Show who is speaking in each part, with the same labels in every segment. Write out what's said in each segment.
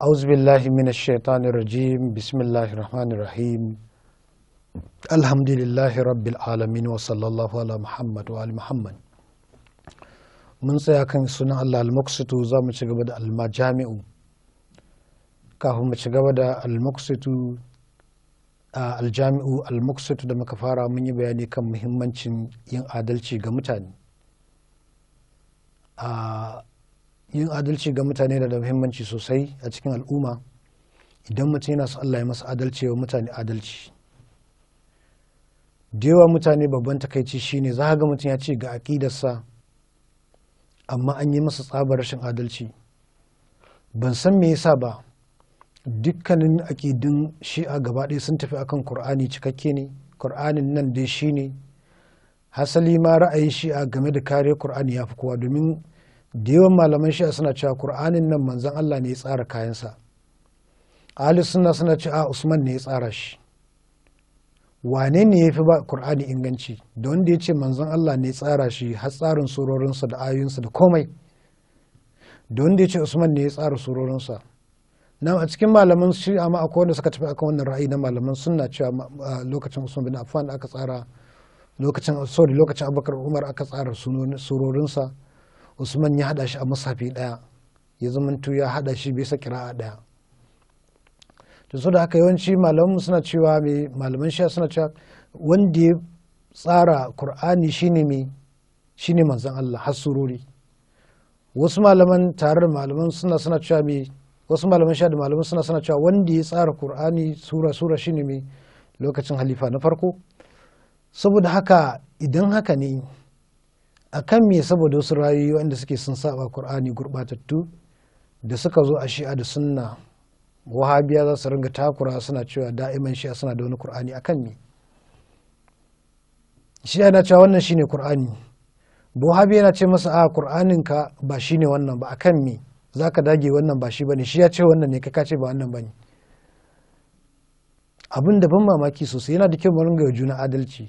Speaker 1: أعوذ mina من الشيطان الرجيم بسم الله الرحمن الرحيم الحمد لله رب العالمين وصلى الله على محمد mun tsaya kan sunan Allah al-maqsitu za mu ci gaba da al-majami'u kafin mu ci da al-maqsitu da muka fara mun yi bayani kan muhimmancin yin adalci ga mutane a yin adalci ga mutane da da muhimmanci sosai a cikin al'umma idan mutum yana so Allah ya masa adalci wa mutane adalci da yawa mutane babban takaici shine za ga mutum ya ce ga aƙidarsa amma an yi masa tsabar rashin adalci ban san me yasa ba dukkanin aƙidun shi'a gaba ɗaya sun tafi akan kur'ani cikakke ne ƙur'anin nan dai shine hasali ma ra'ayin shi'a game da kare kur'ani ya fi kowa domin da yawan malaman shi'a suna cewa kur'anin nan manzon Allah ne ya tsara kayansa ahli sunna suna cewa usman ne ya tsara shi wane ne ya fi ba kur'ani inganci da wanda ya ce manzon Allah ne ya tsara shi har tsarin surorinsa da ayoyinsa da komai da wanda ya ce usman ne ya tsara surorinsa nan a cikin malaman shi'a ma akwai wanda suka tafi akan wannan ra'ayi na malaman sunna cewa lokacin usman bin affan aka tsara lokacin sorry lokacin abubakar umar aka tsara surorinsa usman ya hada shi a musafi daya ya zamanto ya hada shi bisa kira'a daya to so da haka yawanci malaman suna cewa mai malaman sha suna cewa wanda ya tsara qur'ani shine mai shine manzon Allah hasururi wasu malaman tarar malaman suna suna cewa mai wasu malaman sha da malaman suna suna cewa wanda ya tsara qur'ani sura sura shine mai lokacin halifa na farko saboda haka idan haka ne a kan me saboda wasu rayuwa wanda suke sun saba qur'ani gurbatattu da suka zo a shi'a da sunna wahabiya za su ringa takura suna cewa da'iman shi'a suna da wani qur'ani akan me shi'a na cewa wannan shine qur'ani buhabi yana ce masa a qur'anin ka ba shine wannan ba akan me zaka dage wannan ba shi bane shi ya ce wannan ne ka ce ba wannan bane abin da ban mamaki sosai yana da kyau mu ringa juna adalci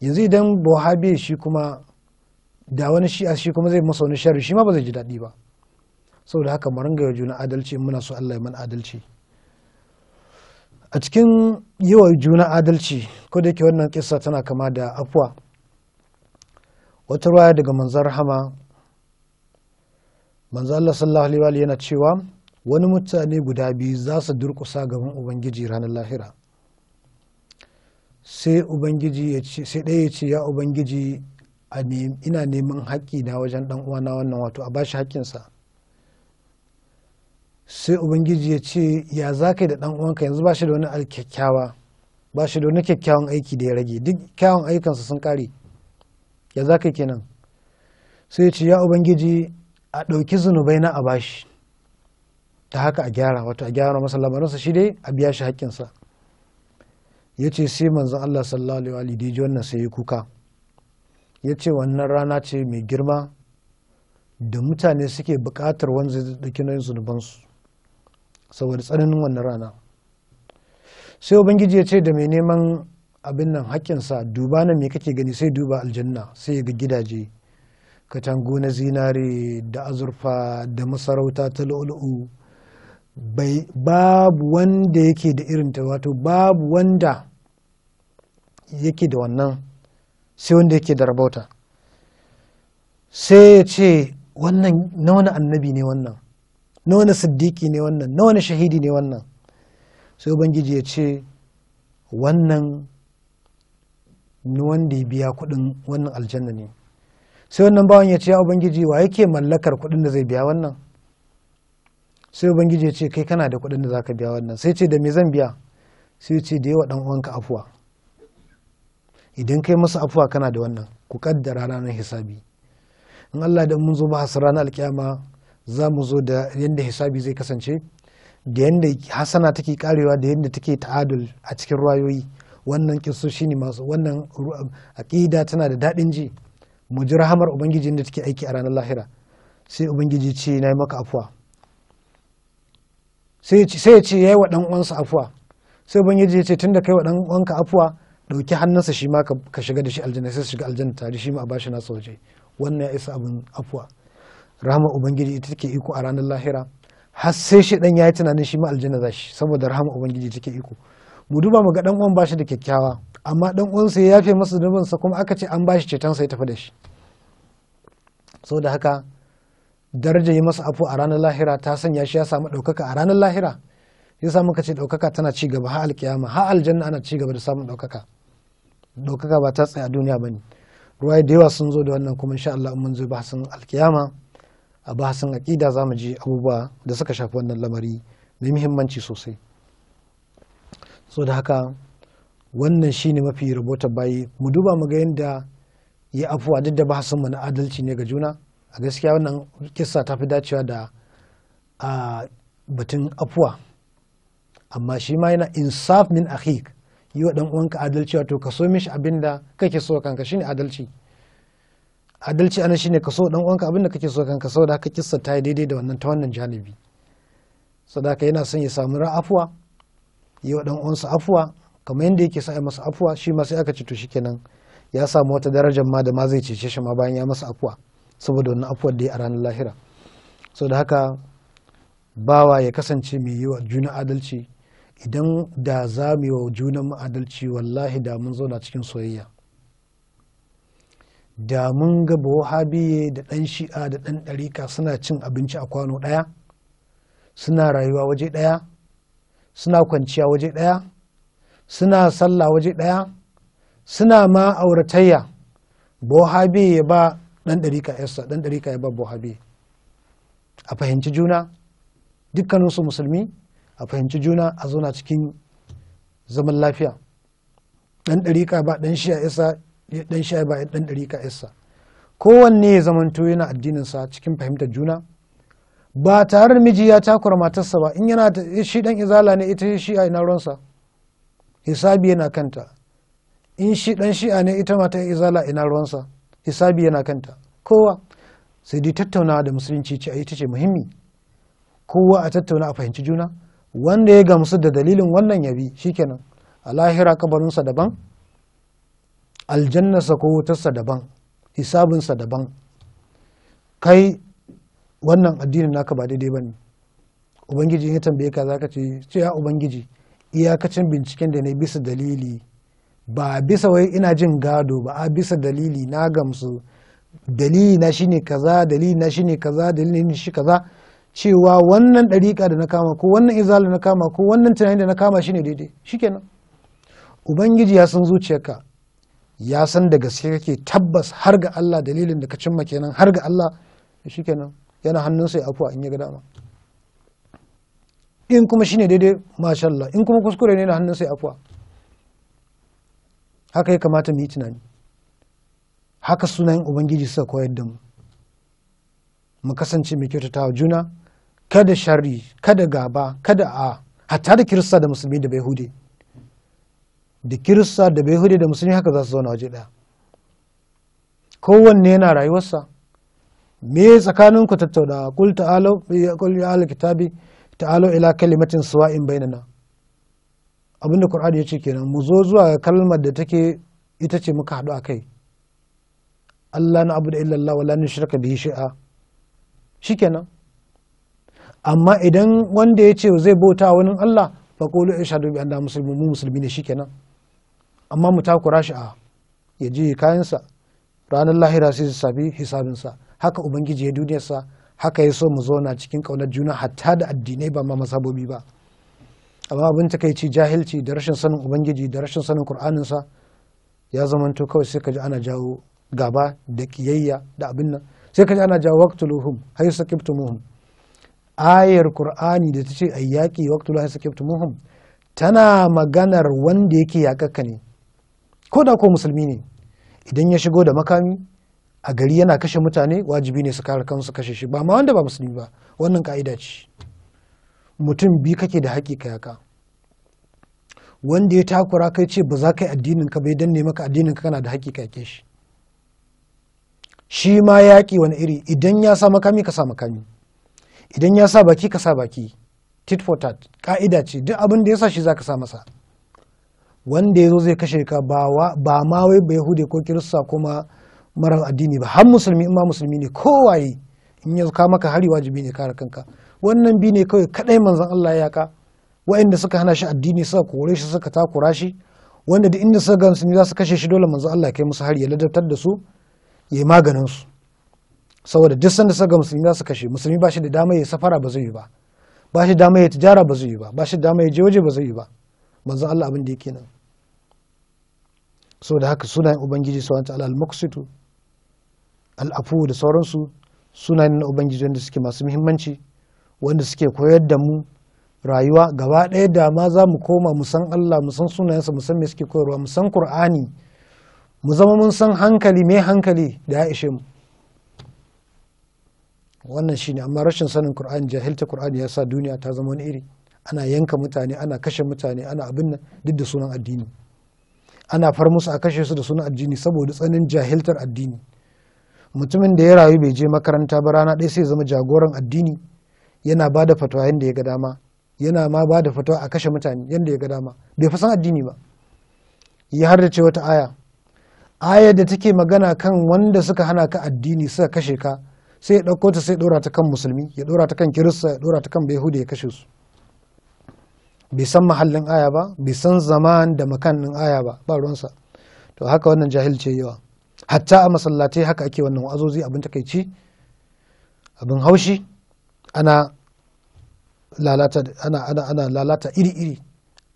Speaker 1: yanzu idan buhabi shi kuma da wani shi a shi kuma zai masa wani sharri shi ma ba zai ji daɗi ba saboda haka mu ringa juna adalci muna so Allah ya mana adalci a cikin yawa juna adalci ko da yake wannan kissa tana kama da afuwa wata ruwaya daga manzar rahama manzar Allah sallallahu alaihi wa yana cewa wani mutane guda biyu za su durƙusa gaban ubangiji ranar lahira sai ubangiji sai ɗaya ya ce ya ubangiji ina neman haƙƙi na wajen ɗan uwana wannan wato a ba shi haƙƙinsa sai ubangiji ya ce ya za ka yi da ɗan uwanka yanzu ba shi da wani alkyakkyawa ba shi da wani kyakkyawan aiki da ya rage duk kyawun aikansa sun kare ya za ka kenan sai ya ce ya ubangiji a ɗauki zunubai na a bashi ta haka a gyara wato a gyara masa lamarinsa shi dai a biya shi haƙƙinsa ya ce sai manzon allah sallallahu alaihi wa ji wannan sai ya kuka ya ce wannan rana ce mai girma da mutane suke buƙatar wanda zai ɗauki nauyin zunubansu saboda tsananin wannan rana sai ubangiji ya ce da mai neman abin nan haƙƙinsa duba nan me kake gani sai duba aljanna sai ya ga gidaje katangu na zinare da azurfa da masarauta ta lu'ulu'u babu wanda yake da irin ta wato babu wanda yake da wannan sai wanda yake da rabauta sai ya ce wannan na wani annabi ne wannan na wani siddiki ne wannan na wani shahidi ne wannan sai ubangiji ya ce wannan wanda ya biya kudin wannan aljanna ne sai wannan bawan ya ce ya ubangiji wa yake mallakar kudin da zai biya wannan sai ubangiji ya ce kai kana da kudin da zaka biya wannan sai ce da me zan biya sai ce da yawa dan uwanka afuwa idan kai masa afuwa kana da wannan ku kaddara ranar hisabi in Allah da mun zo ba ranar alkiyama za mu zo da yadda hisabi zai kasance da yadda hasana take karewa da yadda take ta'adul a cikin rayoyi wannan kisso shine masu wannan aqida tana da daɗin ji mu ji rahamar ubangiji da take aiki a ranar lahira sai ubangiji ce na yi maka afuwa sai ya ce ya yi wa ɗan afuwa sai ubangiji ya ce tun da kai wa ɗan uwanka afuwa ɗauki hannunsa shi ma ka shiga da shi aljanna sai su shiga aljanna tare shi ma a bashi nasa waje wannan ya isa abin afuwa rahama ubangiji ita take iko a ranar lahira har sai shi dan yayi tunanin shi ma aljanna za shi saboda rahama ubangiji take iko mu duba mu ga dan uwan bashi da kyakkyawa amma dan uwansa ya yafe masa zunubin sa kuma aka ce an bashi ceton sa ya tafi da shi saboda haka daraja yi masa afuwa a ranar lahira ta sanya shi ya samu ɗaukaka a ranar lahira yasa muka ce ɗaukaka tana ci gaba har alkiyama har aljanna ana ci gaba da samun ɗaukaka ɗaukaka ba ta a duniya ba ne ruwa da yawa sun zo da wannan kuma insha Allah mun zo bahasin alkiyama a bahasin aƙida za mu ji abubuwa da suka shafi wannan lamari mai muhimmanci sosai so da haka wannan shine mafi rabota bayi mu duba mu ga yadda ya afuwa duk da bahasin mu na adalci ne ga juna a gaskiya wannan kissa ta fi dacewa da a batun afuwa amma shi ma yana insaf min akhik yi wa uwanka adalci wato ka so mishi abin da kake so kanka shine adalci adalci ana shine ka so dan uwanka abin da kake so kanka saboda haka kissa ta yi daidai da wannan ta wannan janibi saboda haka yana son ya samu ra'afuwa yi wa dan uwansa afuwa kamar yadda yake sa masa afuwa shi ma sai aka ce to shikenan ya samu wata darajar ma da ma zai cece shi ma bayan ya masa afuwa saboda wannan afuwar da ya a ranar lahira saboda haka bawa ya kasance mai yi wa juna adalci idan da za mu yi wa junan ma'adalci wallahi da mun zauna cikin soyayya da mun ga wahabiye da ɗan shi'a da ɗan ɗarika suna cin abinci a kwano ɗaya suna rayuwa waje ɗaya suna kwanciya waje ɗaya suna sallah waje ɗaya suna ma auratayya wahabiye ya ba ɗan ɗarika yasa ɗan ɗarika ya ba wahabiye a fahimci juna dukkaninsu musulmi a fahimci juna a zauna cikin zaman lafiya ɗan ɗariƙa ba ɗan shiya isa ɗan shiya ba ɗan ɗariƙa isa kowanne ya zamanto yana addininsa cikin fahimtar juna ba tare da miji ya takura matarsa ba in yana shi ɗan izala ne ita shi a ina ruwansa hisabi yana kanta in shi ɗan shi'a ne ita mata izala ina ruwansa hisabi yana kanta kowa sai dai tattaunawa da musulunci ce a ita ce muhimmi kowa a tattauna a fahimci juna wanda ya gamsu da dalilin wannan yabi shikenan a lahira kabarinsa daban aljannarsa ko wutarsa daban hisabinsa daban kai wannan addinin naka ba daidai ba ne ubangiji ya tambaye ka zaka ce ce ya ubangiji iyakacin binciken da na bisa dalili ba bisa wai ina jin gado ba a bisa dalili na gamsu dalili na shine kaza dalili na shine kaza dalili na shi kaza cewa wannan ɗariƙa da na kama ko wannan izala da na kama ko wannan tunani da na kama shine daidai shikenan ubangiji ya san zuciyarka ya san da gaske kake tabbas har ga Allah dalilin da ka cimma kenan har ga Allah shikenan yana hannun ya afuwa in ya ga dama in kuma shine daidai masha Allah in kuma kuskure ne na hannun ya afuwa haka ya kamata mu yi tunani haka sunayen ubangiji suka koyar da mu mu kasance mai kyautatawa juna kada shari kada gaba kada a hatta da kirista da musulmi da bai hude da kirista da bai hude da musulmi haka za su zauna waje ɗaya kowanne yana rayuwarsa me tsakanin ku tattauna kul ta'alau kul ya ala kitabi ta'alau ila kalimatin suwa'in bainana abinda qur'ani yace kenan mu zo zuwa ga kalmar da take ita ce muka haɗu a kai Allah na abu da illallah wala nushraka bihi shay'a shikenan amma idan wanda ya ce zai bauta wani Allah fa ya ashhadu bi anna muslimun mu musulmi ne shikenan amma mu takura shi a ya je kayansa ranar lahira sai su sabi hisabinsa haka ubangiji ya sa haka ya so mu zauna cikin kaunar juna hatta da addinai ba ma masabobi ba amma abin takaici jahilci da rashin sanin ubangiji da rashin sanin sa ya zamanto kawai sai ka ji ana jawo gaba da kiyayya da abin nan sai ka ji ana jawo waqtuluhum hayu saqibtumuhum ayar kur'ani da ta ce a yaƙi waqtul muhim tana maganar wanda yake yaƙaka ne ko da ko musulmi ne idan ya shigo da makami a gari yana kashe mutane wajibi ne su kare kansu kashe shi ba ma wanda ba musulmi ba wannan ka'ida ce mutum biyu kake da haƙi ka yaka wanda ya takura kai ce ba za ka yi addinin ka bai danne maka addinin ka kana da haƙi ka yake shi shi ma yaƙi wani iri idan ya sa makami ka sa makami idan ya sa baki ka sa baki tit for tat ka'ida ce duk abin da ya sa shi za ka sa masa wanda ya zo zai kashe ka ba ma wai ba yahude ko kirista kuma marar addini ba har musulmi in ma musulmi ne kowaye in ya ka maka hari wajibi ne kare kanka wannan bi ne kawai kadai manzon Allah ya ka wa'anda suka hana shi addini suka kore shi suka takura shi wanda duk inda suka gamsu ne za su kashe shi dole manzon Allah ya kai musu hari ya ladabtar da su ya yi maganin su saboda duk sanda saka musulmi za su kashe musulmi ba shi da dama ya safara ba zai yi ba ba shi dama ya tijara ba zai yi ba ba shi dama ya je waje ba zai yi ba manzon Allah abin da yake nan saboda haka sunayen ubangiji sauran ta al-maqsitu al da sauransu sunayen na ubangiji wanda suke masu muhimmanci wanda suke koyar da mu rayuwa gaba ɗaya da ma za mu koma mu san Allah mu san sunayensa mu san me suke koyarwa mu san Qur'ani mu zama mun san hankali me hankali da ya ishe mu wannan shi ne amma rashin sanin kurani jahilta kur'ani ya sa duniya ta zama wani iri ana yanka mutane ana kashe mutane ana abin nan duk da sunan addini ana far musu a kashe su da sunan addini saboda tsanin jahiltar addini mutumin da ya rayu bai je makaranta ba rana ɗaya sai zama jagoran addini yana ba da fatawa yadda ya ga dama yana ma ba da fatawa a kashe mutane yadda ya ga dama bai fi san addini ba ya har da ce wata aya aya da take magana kan wanda suka hana ka addini suka kashe ka sai ya ɗauko ta sai ɗora ta kan musulmi ya ɗora ta kan kirista ya ɗora ta kan hudu ya kashe su bai san mahallin aya ba bai san zaman da makannin aya ba ba ruwansa to haka wannan ce yawa hatta a masallatai haka ake wannan wa'azozi abin takaici abin haushi ana lalata ana ana ana lalata iri iri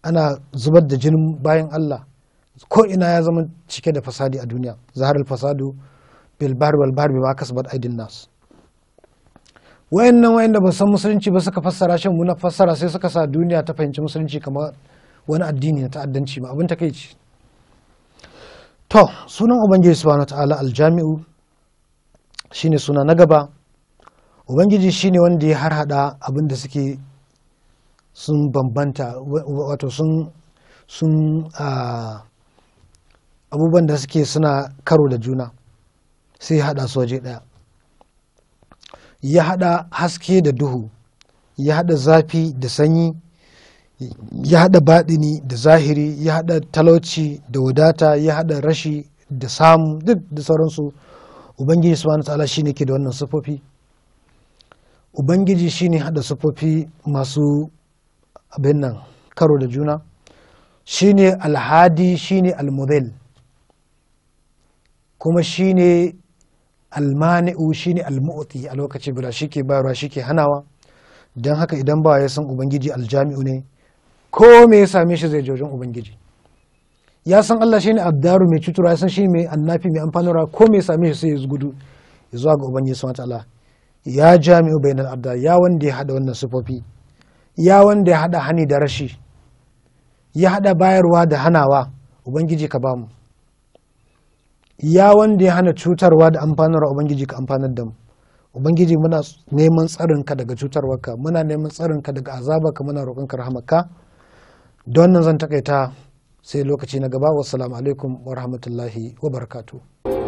Speaker 1: ana zubar da jinin bayan Allah ko ina ya zama cike da fasadi a duniya zaharul fasadu bil bar wal bi ma kasbat aidin nas wayannan wayanda ba san musulunci ba suka fassara shan muna fassara sai suka sa duniya ta fahimci musulunci kamar wani addini na ta'addanci ba abin takeici to sunan ubangiji subhanahu ta'ala aljami'u shine suna na gaba ubangiji shine wanda ya harhada abin da suke sun bambanta wato sun sun abubuwan da suke suna karo da juna sai ya hada su waje daya ya haɗa haske da duhu ya haɗa zafi da sanyi ya haɗa baɗini da zahiri ya haɗa talauci da wadata ya haɗa rashi da samu duk da sauransu ubangiji subhanahu ta'ala shine ke da wannan sufofi ubangiji shine haɗa sufofi masu abin nan karo da juna shine alhadi shine almodel kuma shine almani'u shine almuuti a lokaci guda ke bayarwa ke hanawa don haka idan ba ya san ubangiji aljami'u ne ko me ya same shi zai je ubangiji ya san Allah shine abdaru mai cutura ya san shi mai annafi mai amfanarwa ko me ya same shi sai ya gudu ya zuwa ga ubangiji subhanahu ta'ala ya jami'u bai nan abda ya wanda ya hada wannan sufofi ya wanda ya hada hani da rashi ya haɗa bayarwa da hanawa ubangiji ka bamu ya wanda ya hana cutarwa da amfanarwa ubangiji ka amfanar da mu ubangiji muna neman tsarinka daga cutarwarka muna neman tsarin ka daga azaba ka muna rahama ka don nan zan takaita sai lokaci na gaba wassalamu alaikum wa rahmatullahi wa barakatuh